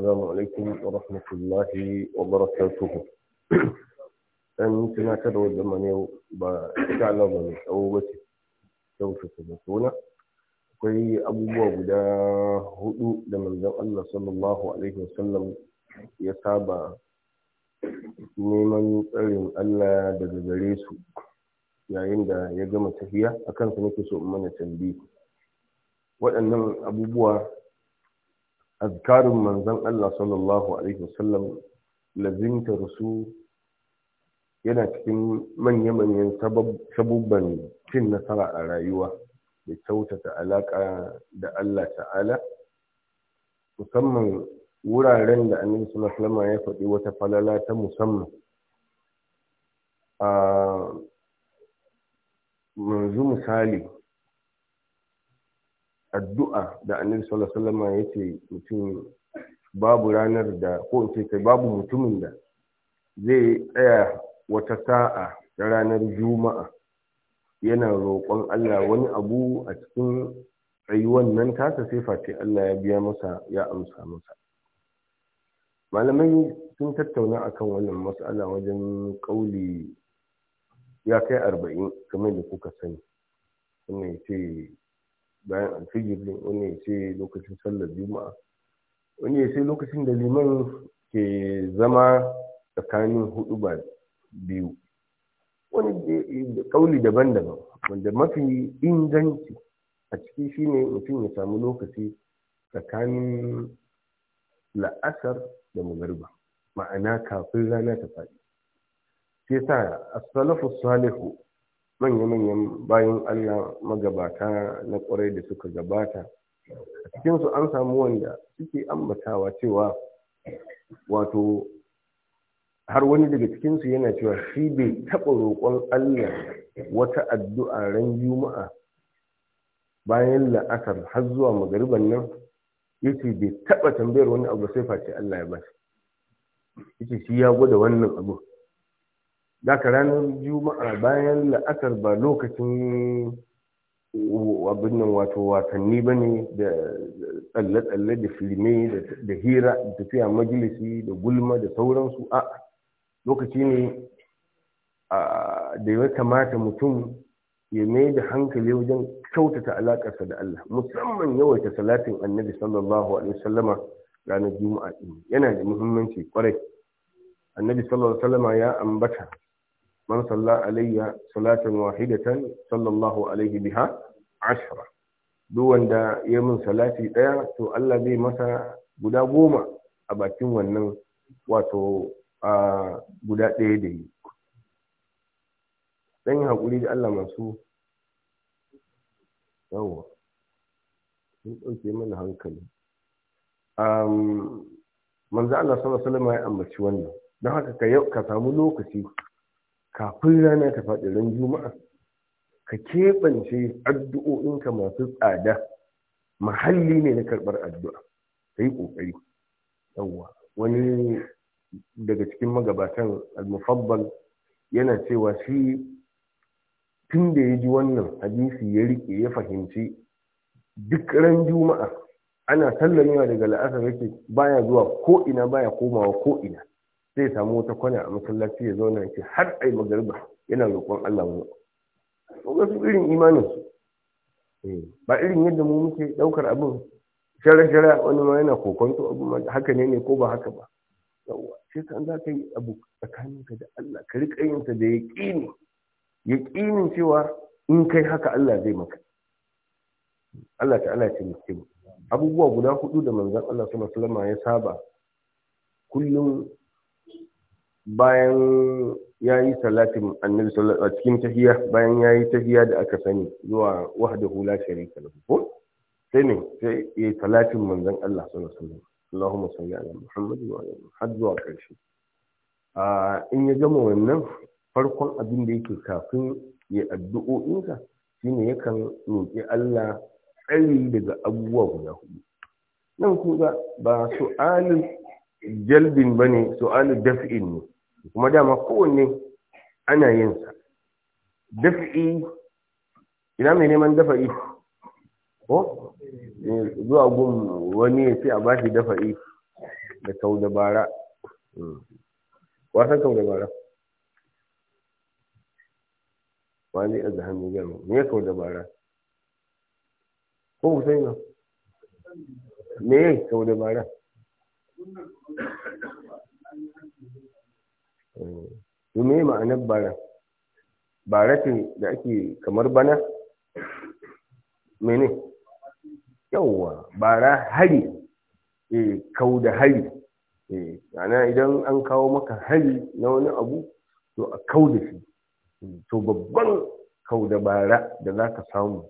السلام عليكم ورحمة الله وبركاته أن تناكر ودمان يو بشعلا من أوبة شوفة سنة akwai abubuwa guda hudu da manzon Allah sallallahu alaihi wasallam ya saba neman tsarin Allah daga gare su yayin da ya gama tafiya a kansu nake so in mana tambi waɗannan abubuwa azkarin manzan Allah sallallahu alaihi wasallam lazimta rusu yana cikin manya-manyan sabubban cin nasara a rayuwa da kyautata alaƙa da Allah ta'ala musamman wuraren da annabi sallallahu ya faɗi wata falala ta musamman a ah, yanzu misali addu'a da annabi sallallahu alaihi wasallam ya ce mutum babu ranar da ko in ce kai babu mutumin da zai tsaya wata sa'a ta ranar juma'a yana roƙon Allah wani abu a cikin tsayuwan nan tasa sai face Allah ya biya masa ya amsa masa malamai sun tattauna akan wannan mas'ala wajen kauli ya kai arba'in kamar da kuka sani kuma ya ce bayan alfijir din wani ya ce lokacin sallar juma'a wani ya ce lokacin da liman ke zama tsakanin hudu ba biyu wani kauli daban-daban wanda mafi inganci a ciki shine mutum ya samu lokaci tsakanin la'asar da magariba ma'ana kafin rana ta faɗi sai sa asalafu salihu manya-manyan bayan Allah magabata na kwarai da suka gabata a cikinsu an samu wanda suke ambatawa cewa wato har wani daga cikinsu yana cewa shi bai taɓa roƙon Allah wata addu'a ran juma'a bayan la'asar har zuwa magariban nan yace bai taɓa tambayar wani abu sai face Allah ya ba shi yace shi ya gwada wannan abu Daka ranar juma'a bayan la'asar ba lokacin abin wato wasanni ba ne da tsalle-tsalle da filme da hira da tafiya majalisi da gulma da sauransu a lokaci ne da ya kamata mutum ya mai da hankali wajen kyautata alaƙarsa da Allah musamman yawaita salatin annabi sallallahu alaihi wasallama ranar juma'a yana da muhimmanci kwarai annabi sallallahu alaihi wasallama ya ambata man salla alayya salatan wahidatan sallallahu alaihi biha ashra duk wanda ya min salati daya to Allah zai masa guda goma a bakin wannan wato a guda ɗaya da yi dan yi haƙuri da Allah masu yawa sun ɗauke mana hankali manzo Allah sallallahu alaihi wasallam ya ambaci wannan don haka ka samu lokaci kafin rana ta faɗi ran juma'a ka keɓance addu'o'inka masu tsada mahalli ne na karɓar addu'a ka yi ƙoƙari yawwa wani daga cikin magabatan al yana cewa shi tun da ya ji wannan hadisi ya riƙe ya fahimci duk ran juma'a ana sallamewa daga la'asar yake baya zuwa ko'ina baya komawa ko ina zai ya samu wata kwana a masallaci ya zauna ce har ai magariba yana roƙon Allah mu ko ga su irin imanin su eh, ba irin yadda mu muke daukar abin shara-shara wani ma yana kokonto abin haka ne ne ko ba haka ba yawwa sai kan za ka yi abu tsakaninka da Allah ka riƙa yin sa da yaqini yaqinin cewa in kai haka Allah zai maka Allah ta'ala ya taimake mu abubuwa guda hudu da manzon Allah sallallahu alaihi wasallam ya saba kullum bayan ya yi salatin annabi a cikin tahiya bayan ya yi tahiya da aka sani zuwa wahdahu hula sharika lahu ko sai ne sai ya yi salatin manzon Allah sallallahu alaihi wasallam Allahumma salli ala Muhammad wa ala har zuwa karshe a in ya gama wannan farkon abin da yake kafin ya addu'o'insa shine yakan roƙi Allah tsari daga abubuwa guda hudu nan kuma ba su alin. jalbin ba ne su'alu daf'in ne kuma dama kowanne ana yin sa daf'i ina mai neman dafa'i ko eh, zuwa gun wani ya ce a ba shi dafa'i da kau dabara hmm. wasan kau dabara wani a da mai gano me ya kau dabara ko musayi ba me ya kau dabara ume eh, ma'anar bara bara ce da ake kamar bana mene Yauwa, bara hari e, kau da hari eh ana idan an kawo maka hari na wani abu to a kau da shi hmm, to babban kau da bara da za ka samu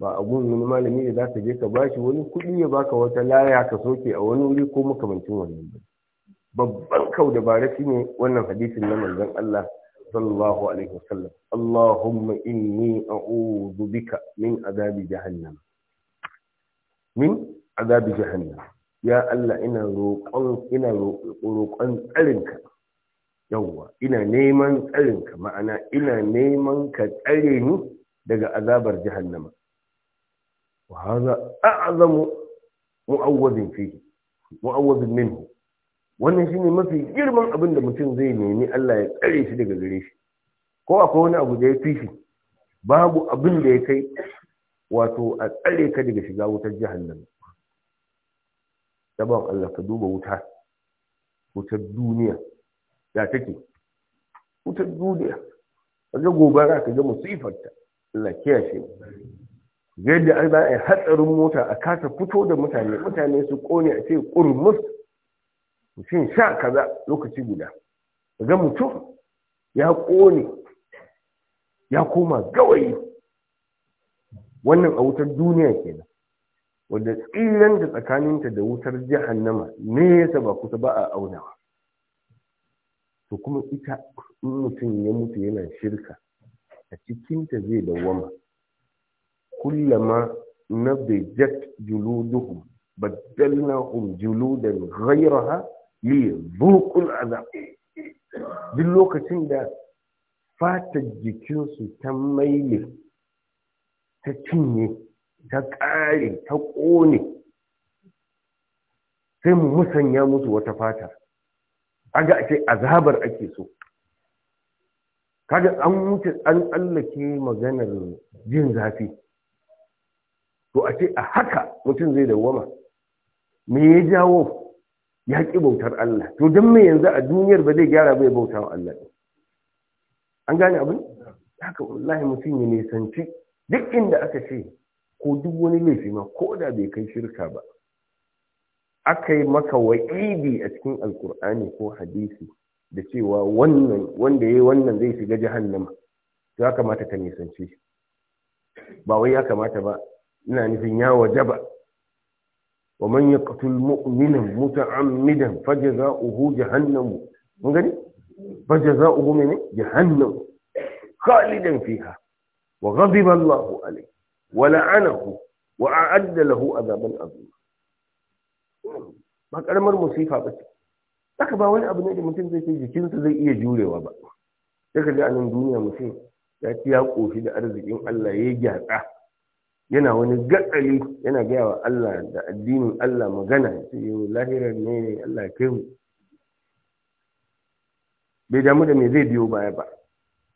ba a gun wani malami da za ka je ka bashi wani kuɗi ya baka wata laya ka soke a wani wuri ko makamancin wannan ba babban kau bare shi ne wannan hadisin na manzon Allah sallallahu alaihi wasallam Allahumma inni a'udhu bika min azabi jahannam min azabi jahannam ya Allah ina roƙon ina roƙon tsarinka yawwa ina neman tsarinka ma'ana ina neman ka tsare ni daga azabar jahannama وهذا أعظم mu'awwazin fihi mu'awwazin minhu shine mafi girman abin da mutum zai nemi Allah ya tsare shi daga gare shi ko akwai wani abu da ya fi shi babu abin da ya kai wato a tsare ka daga shiga wutar jahannam daban Allah ka duba wuta wutar duniya ya take wutar duniya kaga gobara kaga musifarta Allah kiyashe yadda za a yi hatsarin mota a kasa fito da mutane mutane su kone a ce kurmus mutum sha kaza lokaci guda ga mutum ya kone ya koma gawayi wannan a wutar duniya kenan wadda tsiran da tsakaninta da wutar jihar jahannama nesa ba kusa ba a aunawa to kuma ita in mutum ya mutu yana shirka a cikinta zai dawwama kullama na juluduhum baddalnahum juludan ghayraha li dhuqul azab duk lokacin da fatar jikinsu ta maile ta cinye ta ƙare ta ƙone sai mu musanya musu wata fata aga ake azabar ake so kaga an wuce an tsallake maganar jin zafi to a ce a haka mutum zai dawwama me ya jawo ya ƙi bautar Allah to don me yanzu a duniyar ba zai gyara bai bauta wa Allah an gane abin haka wallahi mutum ya nisanci duk inda aka ce ko duk wani laifi ma ko da bai kai shirka ba aka yi maka wa'idi a cikin alkur'ani ko hadisi da cewa wanda ya yi wannan zai shiga jahannama to ya kamata ka nisanci ba wai ya kamata ba يعني في نياوة جبا ومن يقتل مؤمنا متعمدا فجزاؤه جهنم مغني فجزاؤه من جهنم خالدا فيها وغضب الله عليه ولعنه واعد له عذابا عظيما ما كان مر مصيفه بس لك با وني ابو نجي متين زي جكين زي ايه جوري وبا لك جاء من دنيا مصيفه يا قوشي ده ارزقين الله يجي هذا yana wani gaɗari yana gaya wa Allah da addinin Allah magana yi wa lahirar ne Allah kai mu bai damu da me zai biyo baya ba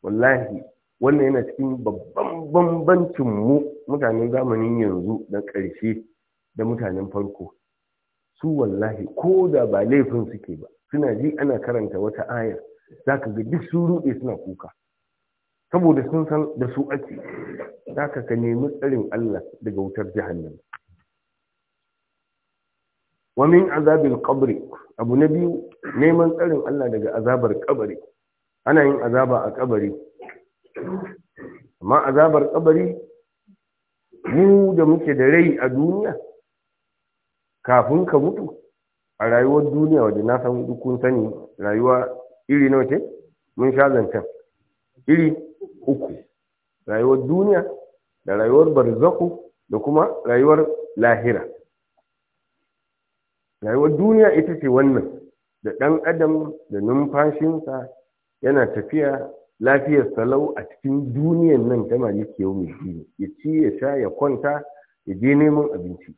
wallahi wannan yana cikin babban bambancin mu mutanen zamanin yanzu da ƙarshe da mutanen farko su wallahi ko da ba laifin suke ba suna ji ana karanta wata ayar zaka ga duk su ruɗe suna kuka saboda sun san da su ake haka ka nemi tsarin Allah daga wutar jihannan. Wamin azabin azabil abu na biyu neman tsarin Allah daga azabar kabari ana yin azaba a kabari amma azabar kabari mu da muke da rai a duniya kafin ka mutu a rayuwar duniya wadda na san dukkan sani rayuwa iri nawa ce mun sha zancen iri uku rayuwar duniya da rayuwar barzaku da kuma rayuwar lahira rayuwar duniya ita ce wannan da ɗan adam da numfashinsa yana tafiya lafiyar salau a cikin duniyan nan ta maliki yau mai dini ya ci ya sha ya kwanta ya je neman abinci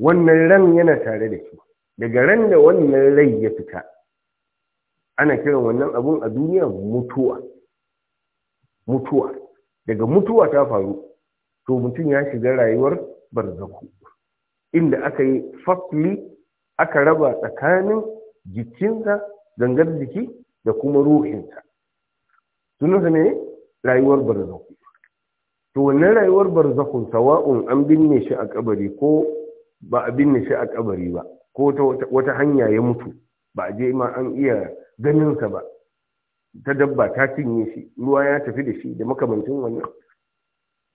wannan ran yana tare da shi daga ran da wannan rai ya fita ana kiran wannan abun a duniya mutuwa mutuwa daga mutuwa ta faru to mutum ya shiga rayuwar barzaku inda aka yi fasli aka raba tsakanin jikinsa gangar jiki da kuma ruhinsa sunansa ne rayuwar barzaku to wannan rayuwar barzakun sawa'un an binne shi a kabari ko ba a binne shi a kabari ba ko wata hanya ya mutu ba a je ma an iya ganinsa ba ta dabba ta cinye shi ruwa ya tafi da shi da makamancin wannan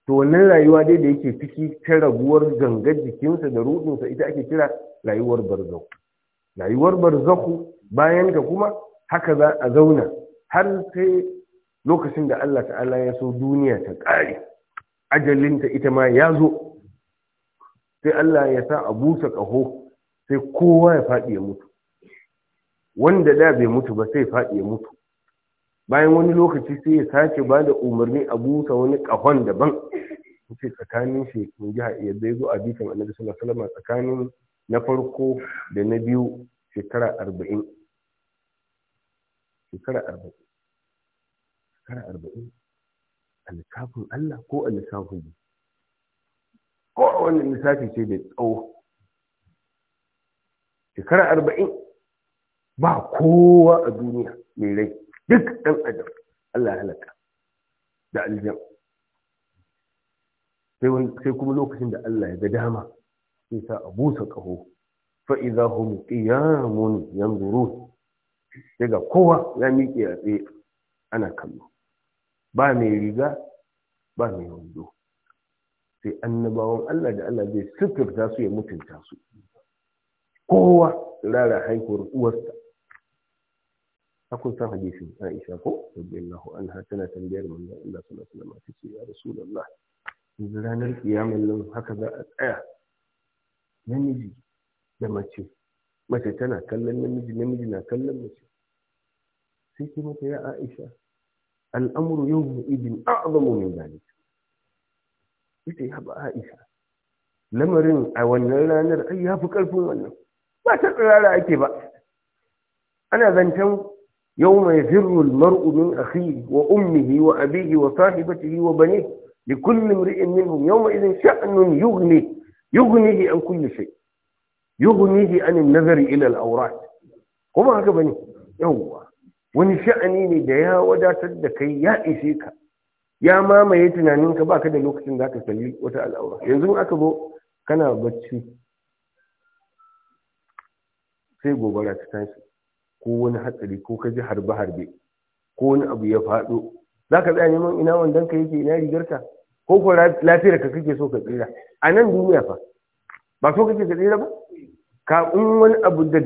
to wannan rayuwa dai da yake ciki ta raguwar gangar jikinsa da ruɗinsa ita ake kira rayuwar barzahu rayuwar barzahu bayan ka kuma haka za a zauna har sai lokacin da Allah ta'ala ya so duniya ta ƙare ajalinta ita ma ya zo sai Allah ya sa a busa ƙaho sai kowa ya faɗi ya mutu wanda da bai mutu ba sai faɗi ya mutu bayan wani lokaci sai ya sake ba da umarni a busa wani kahon daban ce tsakanin shekun jiha iya zai zo a bikin annabi sallallahu alaihi wasallam tsakanin na farko da na biyu shekara arba'in shekara arba'in shekara arba'in a lissafin Allah ko a lissafin ne ko a wannan lissafi ce da tsawo shekara arba'in ba kowa a duniya mai rai duk ɗan adam Allah ya halaka da aljan sai kuma lokacin da Allah ya ga dama sai sa a busa ƙaho fa'iza hum qiyamun yanzurun sai ga kowa ya miƙe a tsaye ana kallo ba mai riga ba mai wando sai annabawan Allah da Allah zai suturta su ya mutunta su kowa rara haihuwar uwarsa akun san hadisin Aisha ko radiyallahu anha tana tambayar manzon Allah sallallahu alaihi wasallam tace ya rasulullah yanzu ranar kiyamar nan haka za a tsaya namiji da mace mace tana kallon namiji namiji na kallon mace sai ce mata ya Aisha al'amru yawma idin a'zamu min zalik ita ya ba Aisha lamarin a wannan ranar ai ya fi karfin wannan ba ta tsirara ake ba ana zancen يوم يفر المرء من أخيه وأمه وأبيه وصاحبته وبنيه لكل امرئ منهم يومئذ شأن يغني يغنيه عن كل شيء يغنيه عن النظر إلى الأوراق kuma haka bane wani sha'ani ne da ya wadatar da kai ya ishe ka ya mamaye tunaninka baka da lokacin da ka kalli wata al'aura yanzu aka zo kana bacci sai gobara ta tashi ko wani hatsari ko ka ji harbe-harbe ko wani abu ya faɗo za ka tsaya neman ina wandon ka yake ina rigarka ko ko lafiyar ka kake so ka tsira a nan duniya fa ba so kake ka tsira ba ka in wani abu da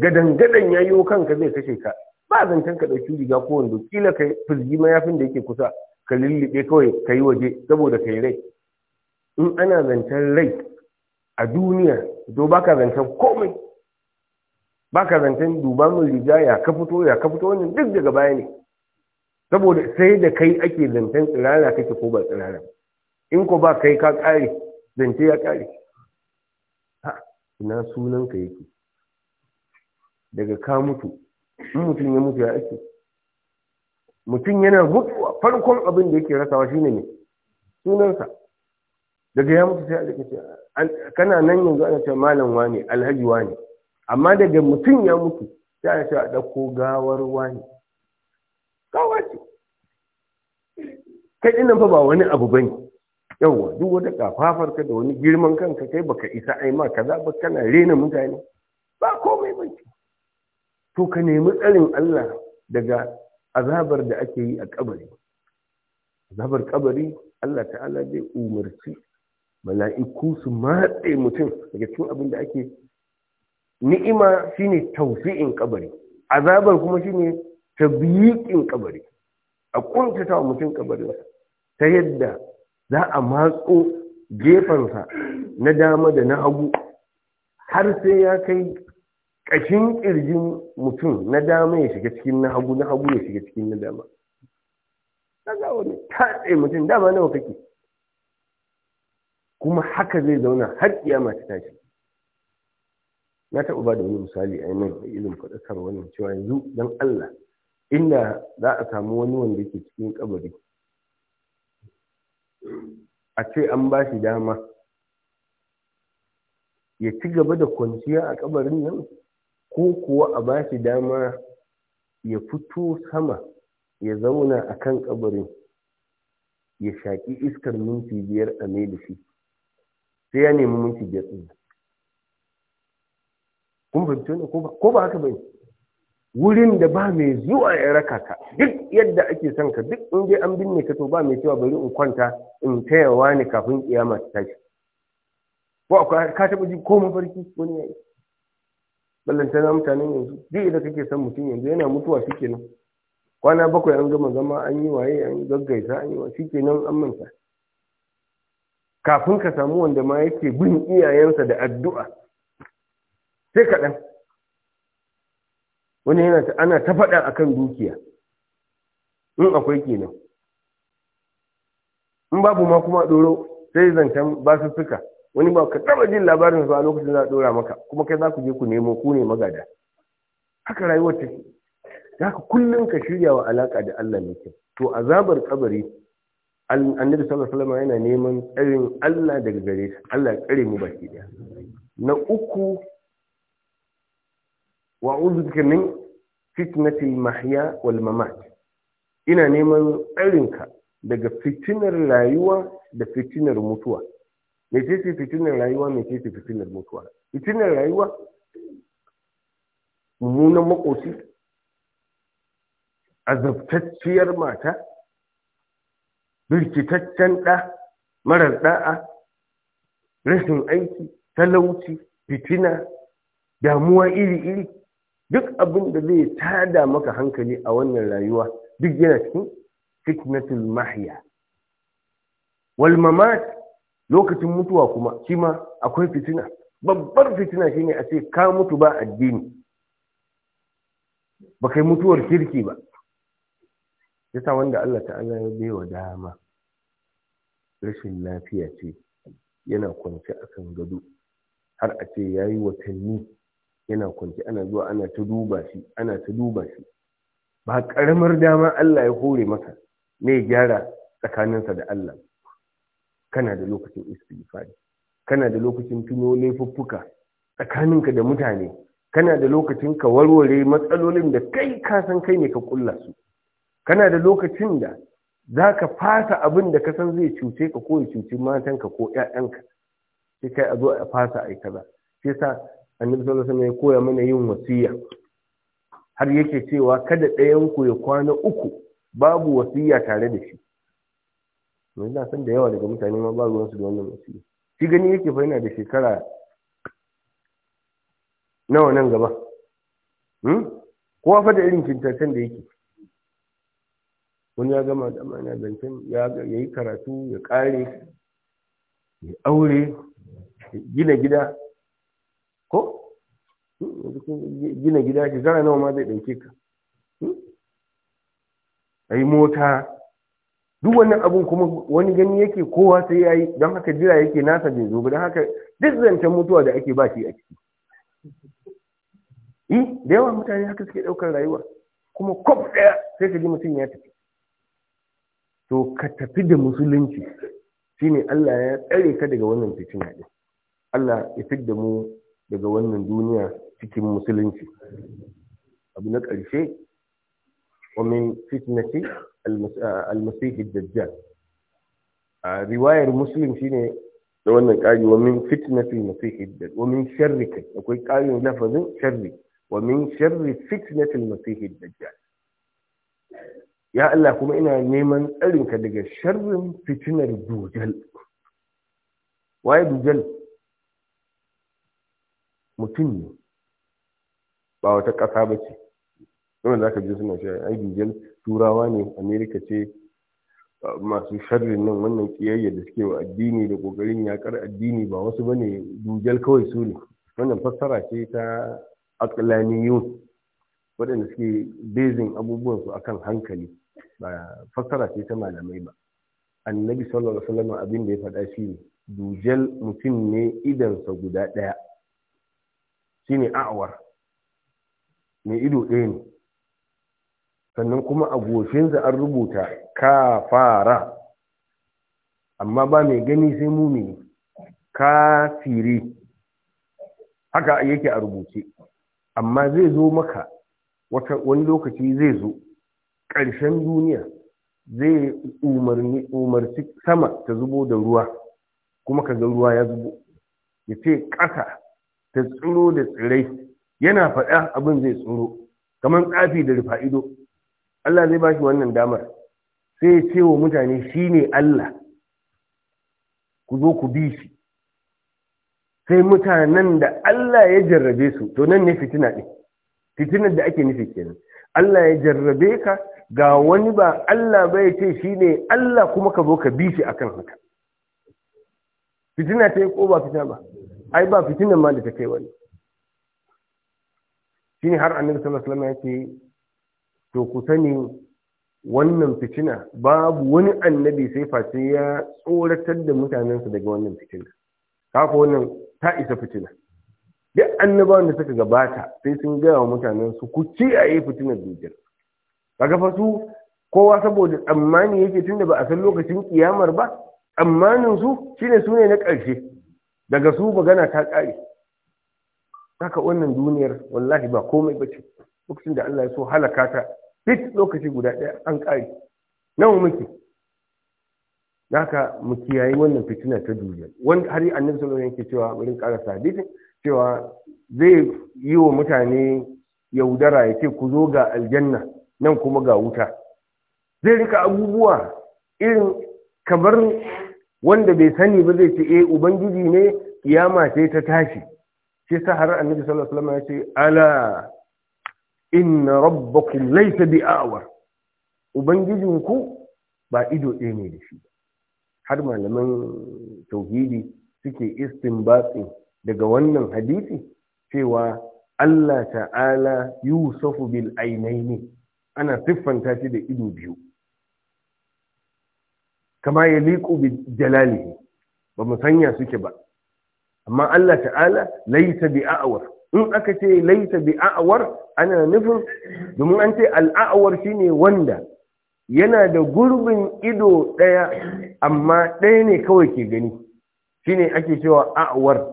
gadan-gadan ya yi kanka zai kashe ka ba zancen ka ɗauki riga ko wanda kila ka fizgi mayafin da yake kusa ka lullube kawai ka yi waje saboda ka yi rai in ana zancen rai a duniya to baka zancen komai ba ka zancen duba min riga ya ka fito ya ka fito wannan duk daga baya ne saboda sai da kai ake zancen tsirara kake ko ba tsirara in ko ba kai ka kare zance ya kare ha ina sunan ka yake daga ka mutu in mutum ya mutu ya ake mutum yana mutuwa farkon abin da yake rasawa shine ne sunansa daga ya mutu sai a kana nan yanzu ana cewa malam wane alhaji wane amma daga mutum ya mutu sai a ce a ɗauko gawar wani gawa ce kai ina fa ba wani abu bane yawwa duk wata ƙafafar ka da wani girman kanka kai baka isa aima ma kaza ba kana rena mutane ba komai ce to ka nemi tsarin Allah daga azabar da ake yi a kabari azabar kabari Allah ta'ala zai umarci mala'iku su matse mutum daga cikin abin da ake ni'ima shine tausi'in kabari azabar kuma shine tabyiqin kabari a kuntata wa mutum kabarinsa ta yadda za a matso sa na dama da na hagu har sai ya kai ƙashin ƙirjin mutum na dama ya shiga cikin na hagu na hagu ya shiga cikin na dama kaga wani tatse mutum dama nawa kake kuma haka zai zauna har kiyama ta tashi na taɓa ba da wani misali a yanar da ilimin faɗakar wannan cewa yanzu don Allah inda za a samu wani wanda ke cikin kabari a ce an ba shi dama ya ci gaba da kwanciya a kabarin nan ko kuwa a ba shi dama ya fito sama ya zauna a kan kabarin ya shaƙi iskar minti biyar a mai da shi sai ya nemi minti biyar ɗin kuma fahimci wannan ko ba haka bane wurin da ba mai zuwa ya raka ka duk yadda ake son ka duk in dai an binne ka to ba mai cewa bari in kwanta in tayawa ne kafin kiyama ta tashi ko akwai ka taba ji ko mafarki wani yayi ballanta na mutanen yanzu duk idan kake son mutum yanzu yana mutuwa shikenan kwana bakwai an gama zama an yi waye an gaggaisa an yi wa shikenan an manta kafin ka samu wanda ma yake bin iyayensa da addu'a sai kaɗan wani yana ana ta faɗa a kan dukiya in akwai kenan in babu ma kuma ɗoro sai zancen suka wani ba ka taɓa jin labarin su a lokacin za a ɗora maka kuma kai za ku je ku nemo ku ne magada haka rayuwar take za ka kullum ka shirya wa alaƙa da Allah ne kyau to azabar kabari annabi sallallahu alaihi wasallam yana neman tsarin Allah daga gare shi Allah ya tsare mu baki daya na uku wa uzbika min fitnatil mahya wal mamat ina neman tsarinka daga fitinar rayuwa da fitinar mutuwa me ce fitinar rayuwa mece ce fitinar mutuwa fitinar rayuwa mummunan makoci azabtacciyar mata birkitaccen ɗa marar ɗa'a rashin aiki talauci fitina damuwa iri-iri duk abin da zai tada maka hankali a wannan rayuwa duk yana cikin fitnatul mahya wal mamat lokacin mutuwa kuma shi ma akwai fitina babbar fitina shine a ce ka mutu ba addini ba kai mutuwar kirki ba yasa wanda Allah ta'ala ya bai wa dama rashin lafiya ce yana kwance kan gado har a ce yayi watanni yana kwanci ana zuwa ana ta duba shi ana ta duba shi ba karamar dama Allah ya hore maka ne gyara tsakaninsa da Allah kana da lokacin istighfar kana da lokacin tuno laifuffuka tsakaninka da mutane kana da lokacin ka warware matsalolin da kai ka san kai ne ka kulla su kana da lokacin da za ka fasa abin da ka san zai cuce ka ko ya cuci matanka ko 'ya'yanka sai kai a zo a fasa a yi kaza sai annabi sallallahu alaihi ya koya mana yin wasiya har yake cewa kada ɗayan ku ya kwana uku babu wasiya tare da shi mun da san da yawa daga mutane ma ba su da wannan wasiya shi gani yake fa yana da shekara nawa nan gaba hmm? kowa fa da irin kintancen da yake wani ya gama da amana zancen ya yi karatu ya ƙare ya aure gina gida ko gina gida shekara nawa ma zai ɗauke ka a yi mota duk wannan abun kuma wani gani yake kowa sai yayi, yi don haka jira yake nasa bai zo don haka duk zancen mutuwa da ake ba shi a ciki yi da yawa mutane haka suke ɗaukar rayuwa kuma kwaf ɗaya sai ka ji mutum ya tafi to ka tafi da musulunci shine Allah ya tsare ka daga wannan fitina ɗin Allah ya da mu daga wannan duniya cikin musulunci abu na ƙarshe wa omen fitnati ah, almasihi dajjal a ah, riwayar musulun shine da wannan ƙari wa omen fitnati masihi dajjal omen sharri kai akwai ƙarin lafazin sharri omen sharri fitnati masihi dajjal ya Allah kuma ina neman tsarinka daga sharrin fitinar dujal waye dujal mutum ne ba wata ƙasa ba ce Wanda za ka ji suna shi ai bijiyar turawa ne amerika ce masu sharrin nan wannan ƙiyayya da suke wa addini da ƙoƙarin yaƙar addini ba wasu ba ne dujal kawai su ne wannan fassara ce ta aƙalaniyun waɗanda suke bezin abubuwansu akan hankali ba fassara ce ta malamai ba annabi sallallahu alaihi wasallam abin da ya faɗa shi ne dujal mutum ne idansa guda ɗaya shine a'awar mai ido ɗaya ne sannan kuma a goshinsa an rubuta kafara amma ba mai gani sai ka kafiri haka yake a rubuce amma zai zo maka wani lokaci zai zo ƙarshen duniya zai umarci sama ta zubo da ruwa kuma ka ga ruwa ya zubo ya ce ƙasa ta tsiro da tsirai yana faɗa abin zai tsiro kamar tsafi da rufa ido Allah zai ba shi wannan damar sai ya ce wa mutane shi ne Allah ku zo ku bi shi sai mutanen da Allah ya jarrabe su to nan ne fitina ɗin fitinar da ake nufi kenan Allah ya jarrabe ka ga wani ba Allah ba ya ce shi ne Allah kuma ka zo ka bi shi akan haka fitina ta yi ko ba fitina ba ai ba fitinan ma da ta kai wani shine har annabi sallallahu alaihi wasallam to ku sani wannan fitina babu wani annabi sai face ya tsoratar da mutanensa daga wannan fitina kafa wannan ta isa fitina duk annabawan da suka gabata sai sun gaya wa mutanensu ku kiyaye fitinar dukiyar kaga fa su kowa saboda tsammani yake tunda ba a san lokacin kiyamar ba tsammanin su shine sune na ƙarshe daga su magana ta ƙare haka wannan duniyar wallahi ba komai ba ce lokacin da Allah ya so halaka ta fit lokaci guda ɗaya an ƙare nawa muke haka mu kiyaye wannan fitina ta duniya wanda har annabi sallallahu alaihi yake cewa wurin ƙara hadisin cewa zai yi wa mutane yaudara ya ce ku zo ga aljanna nan kuma ga wuta zai rika abubuwa irin kamar wanda bai sani ba zai ce eh ubangiji ne kiyama ce ta tashi shi sa har annabi sallallahu alaihi wasallam ya ce ala inna rabbakum laysa bi'awar ubangijinku ba ido ɗaya ne da shi har malaman tauhidi suke istinbatsi daga wannan hadisi cewa Allah ta'ala yusufu bil ainaini ana siffanta shi da ido biyu kama ya liƙo bi jalali ba mu sanya suke ba amma Allah ta'ala laisa bi a'awar in aka ce laisa bi a'awar ana nufin domin an ce al'a'awar shine wanda yana da gurbin ido ɗaya amma ɗaya ne kawai ke gani shine ake cewa a'awar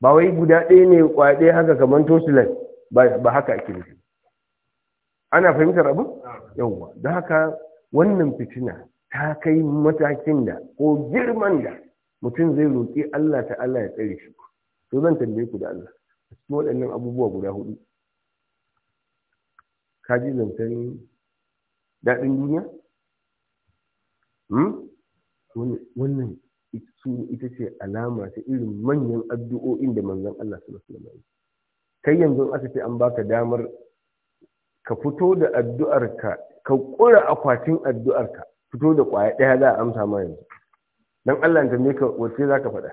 ba wai guda ɗaya ne kwaɗe haka kamar tosilan ba haka ake nufi ana fahimtar abu yawwa da haka wannan fitina ta kai matakin da ko girman da mutum zai roƙi Allah ta'ala ya tsare shi to zan tambaye ku da Allah a cikin waɗannan abubuwa guda hudu ka ji zancen daɗin duniya hmm? wannan su ita ce alama ta irin manyan addu'o'in da manzan Allah su masu wasallam kai yanzu aka ce an baka damar ka fito da addu'arka ka ƙura akwatin addu'arka fito da kwaya ɗaya za a amsa ma yanzu don Allah ta tambaye ka wace za ka faɗa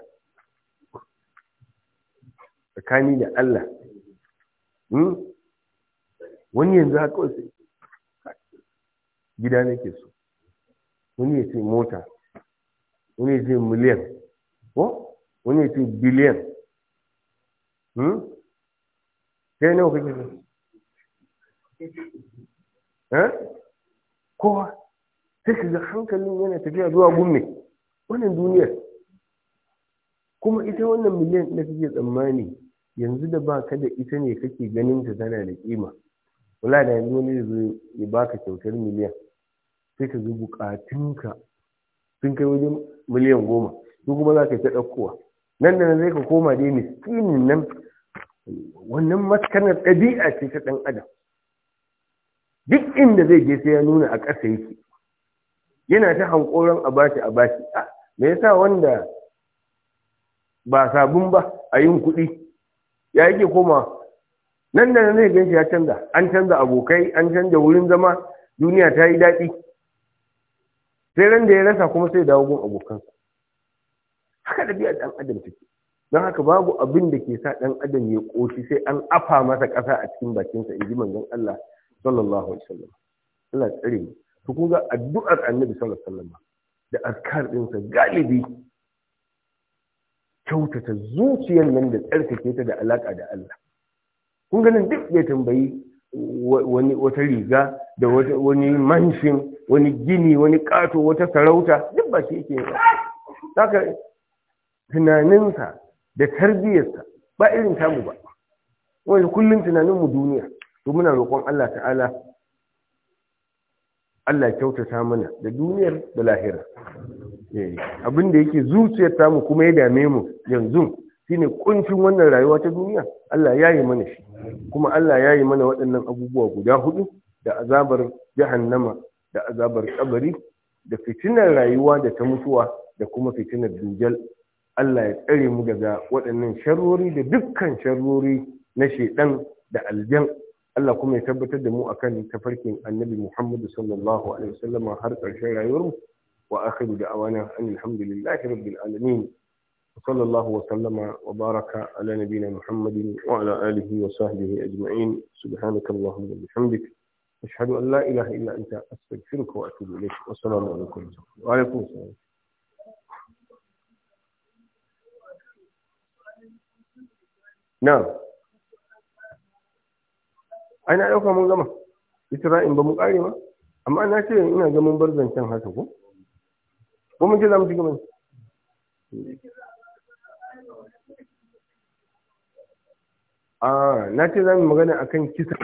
tsakani da Allah hmm? wani yanzu haka wasu gida ke so wani ya ce mota wani ya ce miliyan ko wani ya ce biliyan sai hmm? nawa kake so kowa sai ka ga hankalin yana tafiya zuwa gumme wannan duniyar kuma ita wannan miliyan da kake tsammani yanzu da ba ka da ita ne kake ganin ta tana da kima wala da yanzu wani zai ya baka kyautar miliyan sai ka ga bukatunka sun kai wajen miliyan goma su kuma za ka ta ɗaukowa nan da nan zai ka koma dai miskinin nan wannan maskanar ɗabi'a ce ta ɗan adam duk inda zai je sai ya nuna a ƙasa yake yana ta hankoron a bashi a bashi a me yasa wanda ba sabun ba a yin kuɗi ya yake koma nan da nan zai gan shi ya canza an canza abokai an canza wurin zama duniya ta yi daɗi sai ran da ya rasa kuma sai dawo gun abokan haka biya ɗan adam take don haka babu abin da ke sa ɗan adam ya ƙoshi sai an afa masa ƙasa a cikin bakinsa in ji manzon Allah sallallahu alaihi wasallam Allah tsare mu to kun ga addu'ar annabi sallallahu alaihi wasallam da azkar ɗinsa galibi kyautata zuciyar nan da tsarkake ta da alaka da Allah kun ganin duk ya tambayi wani wata riga da wani manshin wani gini wani ƙato wata sarauta duk ba shi yake ba saka tunaninsa da tarbiyyarsa ba irin tamu ba wani kullum mu duniya to muna roƙon Allah ta'ala Allah kyautata mana da duniyar da lahira eh, abin da yake zuciyar mu kuma ya dame mu yanzu shine kuncin wannan rayuwa ta duniya Allah ya yi mana shi kuma Allah ya yi mana waɗannan abubuwa guda hudu da azabar jahannama da azabar kabari da fitinar rayuwa da ta mutuwa da kuma fitinar dujal Allah ya tsare mu daga waɗannan sharrori da dukkan sharrori na shedan da aljan Allah kuma ya tabbatar da mu akan tafarkin annabi Muhammadu sallallahu alaihi har ƙarshen rayuwar wa akhiru da'awana alhamdulillahi rabbil alamin صلى الله وسلم وبارك على نبينا ai na ɗauka mun gama isra'in ba mu ƙare ba amma na ce ina ga mun bar zancen haka ko ko mun ji za mu ci gaba a ah, na ce za mu magana akan kisa